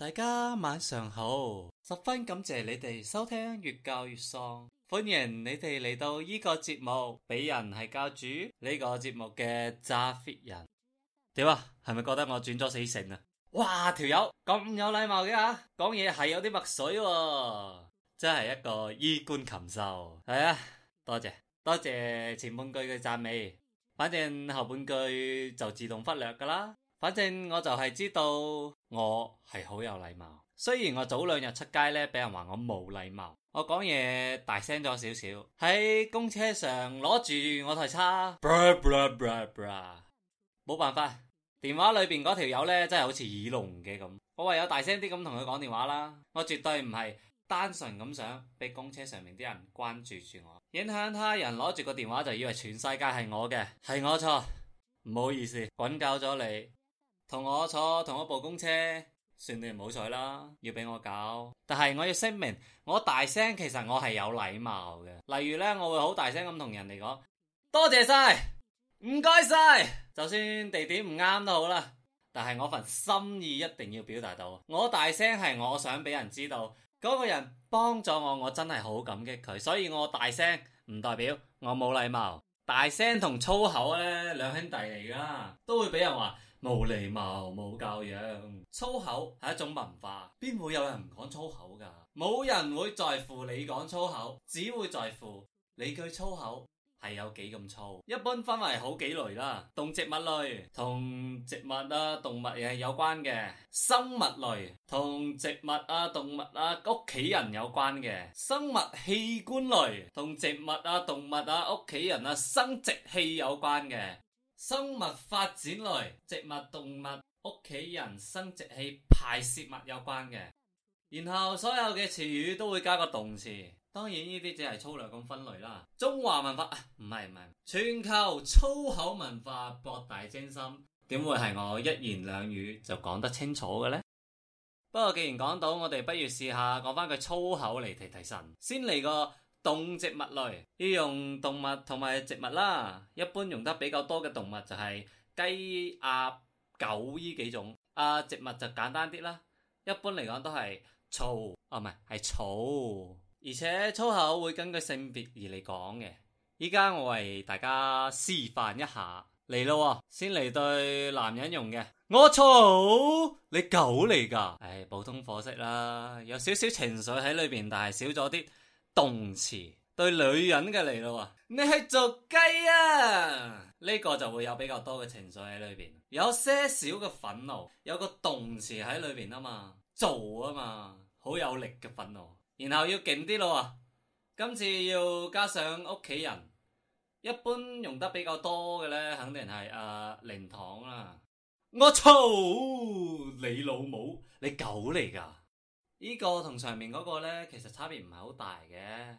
大家晚上好，十分感謝你哋收聽《粵教粵喪》，歡迎你哋嚟到呢個節目。鄙人係教主呢、呢個節目嘅揸 fit 人，點啊？係咪覺得我轉咗死性啊？哇！條友咁有禮貌嘅吓，講嘢係有啲墨水、啊，真係一個衣冠禽獸。係、哎、啊，多謝多謝前半句嘅讚美，反正後半句就自動忽略噶啦。反正我就係知道我係好有禮貌，雖然我早兩日出街咧俾人話我冇禮貌，我講嘢大聲咗少少，喺公車上攞住我台叉，冇辦法，電話裏邊嗰條友咧真係好似耳聾嘅咁，我唯有大聲啲咁同佢講電話啦，我絕對唔係單純咁想俾公車上面啲人關注住我，影響他人攞住個電話就以為全世界係我嘅，係我錯，唔好意思，滾鳩咗你。同我坐同一部公車，算你唔好彩啦，要畀我搞。但係我要聲明，我大聲其實我係有禮貌嘅。例如咧，我會好大聲咁同人哋講，多謝晒，唔該晒。就算地點唔啱都好啦，但係我份心意一定要表達到。我大聲係我想畀人知道，嗰個人幫咗我，我真係好感激佢，所以我大聲唔代表我冇禮貌。大聲同粗口咧，兩兄弟嚟噶，都會畀人話。冇禮貌、冇教養，粗口係一種文化，邊會有人唔講粗口㗎？冇人會在乎你講粗口，只會在乎你句粗口係有幾咁粗。一般分為好幾類啦，動植物類同植物啊、動物嘢有關嘅；生物類同植物啊、動物啊屋企人有關嘅；生物器官類同植物啊、動物啊屋企人啊生殖器有關嘅。生物發展類、植物、動物、屋企人、生殖器、排泄物有關嘅，然後所有嘅詞語都會加個動詞。當然呢啲只係粗略咁分類啦。中華文化唔係唔係，全球粗口文化博大精深，點會係我一言兩語就講得清楚嘅呢？不過既然講到，我哋不如試下講翻句粗口嚟提提神。先嚟個。動植物類，要用動物同埋植物啦。一般用得比較多嘅動物就係雞、鴨、狗呢幾種。啊，植物就簡單啲啦。一般嚟講都係草，啊唔係係草，而且粗口會根據性別而嚟講嘅。而家我為大家示範一下嚟咯，哦，先嚟對男人用嘅，我草你狗嚟噶。唉，普通貨色啦，有少少情緒喺裏邊，但係少咗啲。動詞對女人嘅嚟咯，你係做雞啊？呢個就會有比較多嘅情緒喺裏邊，有些少嘅憤怒，有個動詞喺裏邊啊嘛，做啊嘛，好有力嘅憤怒。然後要勁啲咯，今次要加上屋企人，一般用得比較多嘅呢，肯定係阿靈堂啦。我操，你老母，你狗嚟噶？呢個同上面嗰個呢，其實差別唔係好大嘅，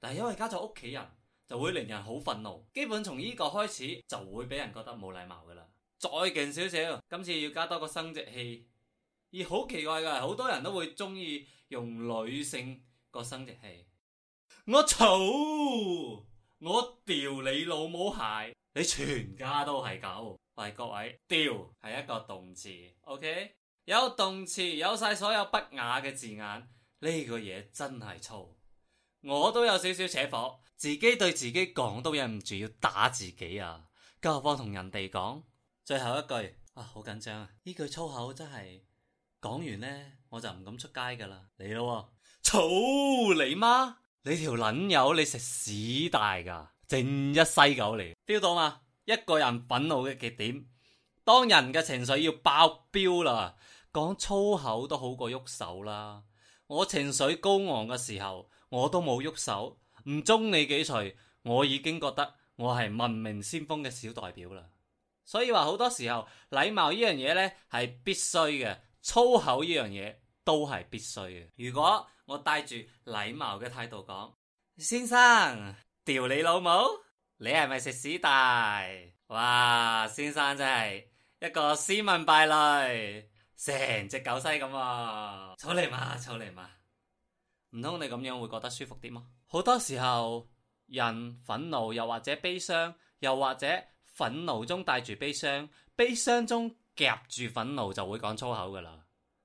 但係因為加咗屋企人，就會令人好憤怒。基本從呢個開始就會俾人覺得冇禮貌噶啦。再勁少少，今次要加多個生殖器，而好奇怪噶，好多人都會中意用女性個生殖器。我草，我屌你老母鞋，你全家都係狗。喂，各位，屌係一個動詞，OK？有動詞，有晒所有不雅嘅字眼，呢個嘢真係粗。我都有少少扯火，自己對自己講都忍唔住要打自己啊。更何況同人哋講最後一句啊，好緊張啊！呢句粗口真係講完呢，我就唔敢出街噶啦。嚟咯、啊，草你媽！你條撚友，你食屎大噶，正一西狗嚟。屌到嘛？一個人憤怒嘅極點。當人嘅情緒要爆表啦，講粗口都好過喐手啦。我情緒高昂嘅時候，我都冇喐手，唔中你幾錘，我已經覺得我係文明先鋒嘅小代表啦。所以話，好多時候，禮貌呢樣嘢呢係必須嘅，粗口呢樣嘢都係必須嘅。如果我帶住禮貌嘅態度講，先生，屌你老母，你係咪食屎大？哇，先生真係～一個斯文敗類，成隻狗西咁啊！草泥馬，草泥馬，唔通你咁樣會覺得舒服啲嗎？好多時候人憤怒又或者悲傷，又或者憤怒中帶住悲傷，悲傷中夾住憤怒，就會講粗口噶啦。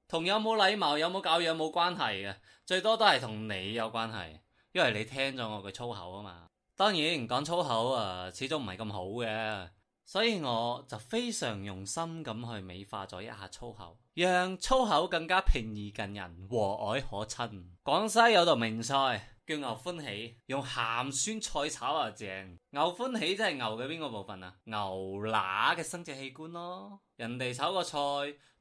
同有冇禮貌有冇教養冇關係嘅，最多都係同你有關係，因為你聽咗我嘅粗口啊嘛。當然講粗口啊，始終唔係咁好嘅。所以我就非常用心咁去美化咗一下粗口，讓粗口更加平易近人、和藹可親。廣西有道名菜叫牛歡喜，用鹹酸菜炒，啊正。牛歡喜即係牛嘅邊個部分啊？牛乸嘅生殖器官咯。人哋炒個菜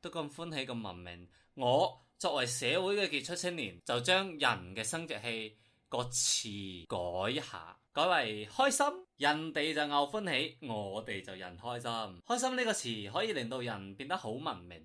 都咁歡喜咁文明，我作為社會嘅傑出青年，就將人嘅生殖器個詞改一下，改為開心，人哋就牛歡喜，我哋就人開心。開心呢個詞可以令到人變得好文明、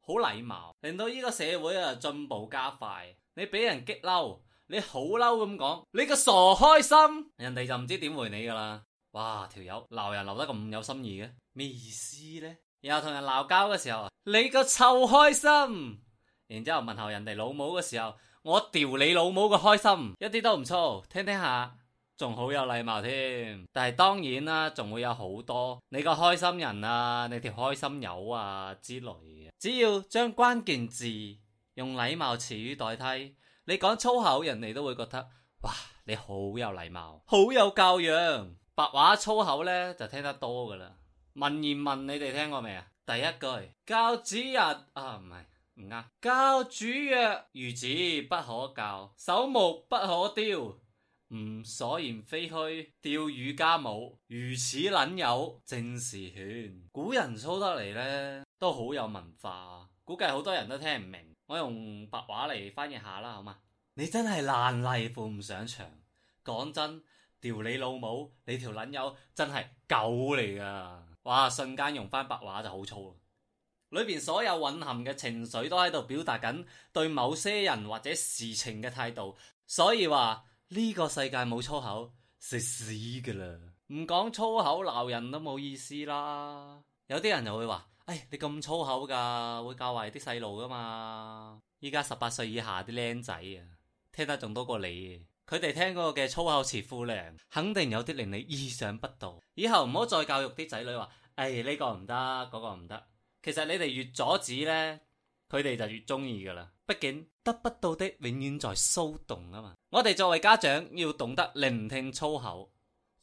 好禮貌，令到呢個社會啊進步加快。你俾人激嬲，你好嬲咁講，你個傻開心，人哋就唔知點回你噶啦。哇，條友鬧人鬧得咁有心意嘅，咩意思呢？然後同人鬧交嘅時候啊，你個臭開心，然之後問候人哋老母嘅時候。我屌你老母個開心，一啲都唔粗，聽聽下仲好有禮貌添。但係當然啦，仲會有好多你個開心人啊，你條開心友啊之類嘅。只要將關鍵字用禮貌詞語代替，你講粗口，人哋都會覺得哇，你好有禮貌，好有教養。白話粗口呢，就聽得多噶啦。文言文你哋聽過未啊？第一句教子日啊，唔係。教主曰、啊：孺子不可教，守木不可雕。吾所言非虛，釣汝家母。如此撚友，正是犬。古人操得嚟呢，都好有文化。估計好多人都聽唔明，我用白話嚟翻譯下啦，好嘛？你真係爛泥扶唔上牆。講真，屌你老母，你條撚友真係狗嚟噶！哇，瞬間用返白話就好粗。裏面所有蘊含嘅情緒都喺度表達緊對某些人或者事情嘅態度，所以話呢個世界冇粗口食屎噶啦，唔講粗口鬧人都冇意思啦。有啲人就會話：，哎，你咁粗口噶，會教壞啲細路噶嘛？依家十八歲以下啲僆仔啊，聽得仲多過你，佢哋聽嗰個嘅粗口詞庫量肯定有啲令你意想不到。以後唔好再教育啲仔女話：，哎，呢個唔得，嗰個唔得。其實你哋越阻止呢，佢哋就越中意㗎喇。畢竟得不到的永遠在騷動啊嘛。我哋作為家長要懂得聆聽粗口。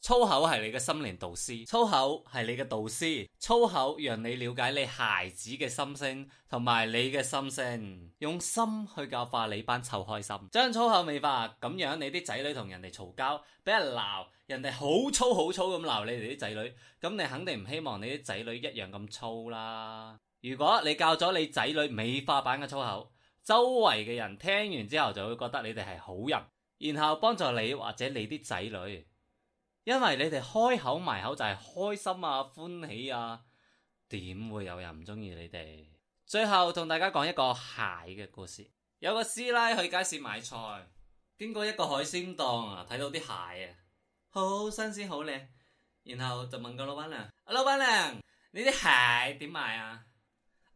粗口係你嘅心靈導師，粗口係你嘅導師，粗口讓你了解你孩子嘅心聲同埋你嘅心聲，用心去教化你班臭開心。將粗口美化，咁樣你啲仔女同人哋嘈交，俾人鬧，人哋好粗好粗咁鬧你哋啲仔女，咁你肯定唔希望你啲仔女一樣咁粗啦。如果你教咗你仔女美化版嘅粗口，周圍嘅人聽完之後就會覺得你哋係好人，然後幫助你或者你啲仔女。因為你哋開口埋口就係開心啊歡喜啊，點會有人唔中意你哋？最後同大家講一個蟹嘅故事。有個師奶去街市買菜，經過一個海鮮檔啊，睇到啲蟹啊，好新鮮好靚，然後就問個老闆娘：阿老闆娘，你啲蟹點賣啊？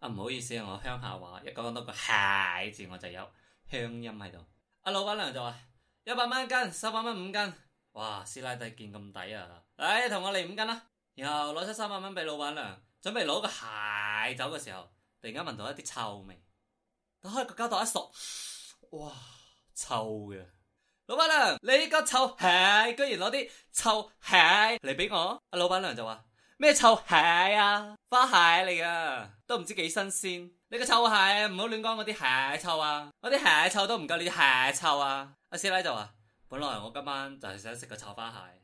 啊唔好意思啊，我鄉下話一講到個蟹字我就有鄉音喺度。阿老闆娘就話：一百蚊一斤，三百蚊五斤。哇！師奶，弟件咁抵啊！唉、哎，同我嚟五斤啦，然後攞出三百蚊俾老闆娘，準備攞個蟹走嘅時候，突然間聞到一啲臭味，打開個膠袋一索，哇！臭嘅，老闆娘，你個臭蟹，居然攞啲臭蟹嚟俾我？阿老闆娘就話：咩臭蟹啊？花蟹嚟噶，都唔知幾新鮮。你個臭蟹，唔好亂講我啲蟹臭啊，我啲蟹臭都唔夠你啲蟹臭啊！阿師奶就話。本來我今晚就係想食個臭花蟹，蟹，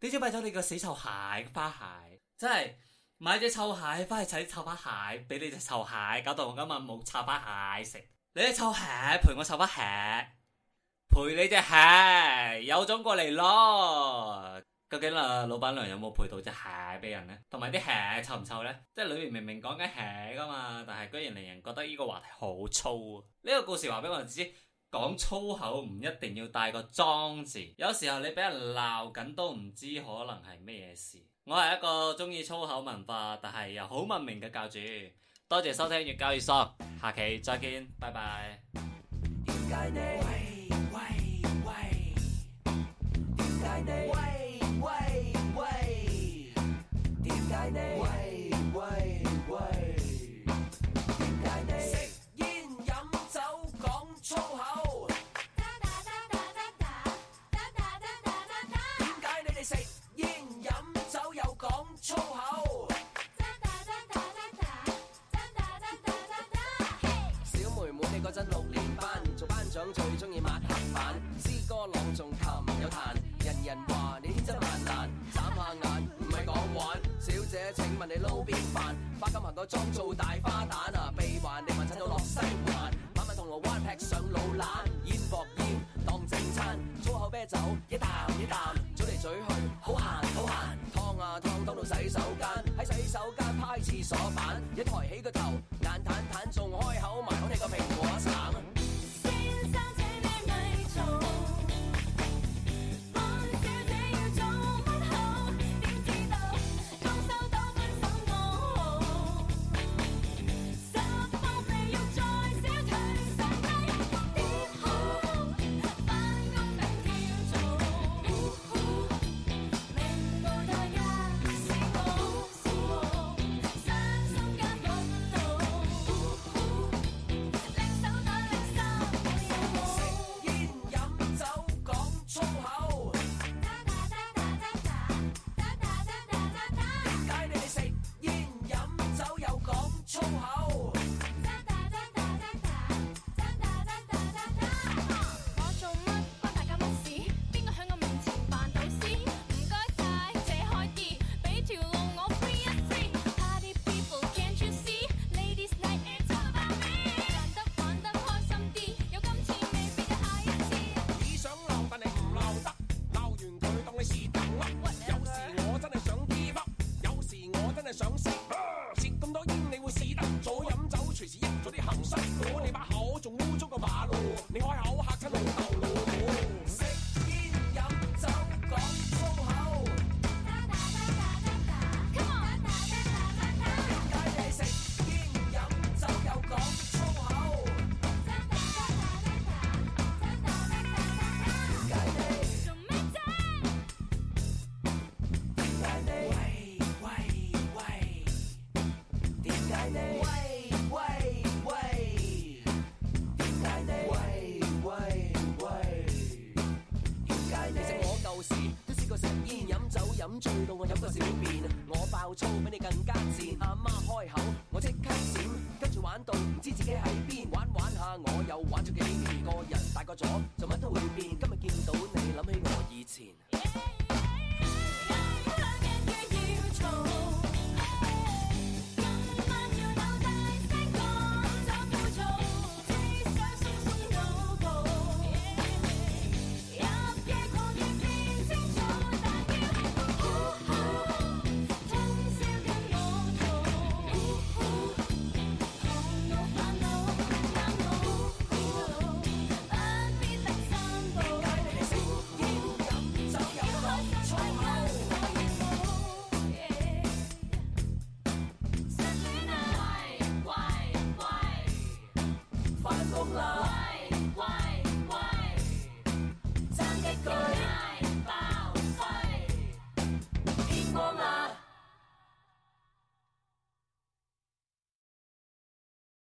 點知買咗你個死臭蟹花蟹，蟹，真係買隻臭蟹翻去炒臭花蟹，俾你隻臭蟹，搞到我今日冇臭花蟹食。你隻臭蟹陪我臭花蟹，陪你隻蟹，有種過嚟咯。究竟啦，老闆娘有冇陪到隻蟹俾人呢？同埋啲蟹臭唔臭呢？即係裏面明明講緊蟹噶嘛，但係居然令人覺得呢個話題好粗。呢、這個故事話俾我哋知。講粗口唔一定要帶個髒字，有時候你俾人鬧緊都唔知可能係咩事。我係一個中意粗口文化，但係又好文明嘅教主。多謝收聽《粵教粵喪》，下期再見，拜拜。最中意抹黑板，詩歌朗誦琴有彈，人人話你天真爛漫， 眨下眼唔係講玩。小姐請問你撈邊飯？花咁行個妝做大花旦啊！鼻環你環襯到落西環，晚晚銅鑼灣劈上老懶，煙薄煙當正餐，粗口啤酒一啖一啖，嘴嚟嘴去好閒好閒，劏啊劏劏到洗手間，喺洗手間拍廁所板，一抬起個頭眼淡淡仲開口。喂喂喂，點解你？喂喂喂，點解你？其實我舊時都試過食煙飲，飲酒飲醉到我飲到小便變，我爆粗比你更加賤。阿媽，媽開口，我即刻閃，跟住玩到唔知自己喺邊，玩玩下我又玩咗幾年。個人大個咗，做乜都會變，今日見到你諗起。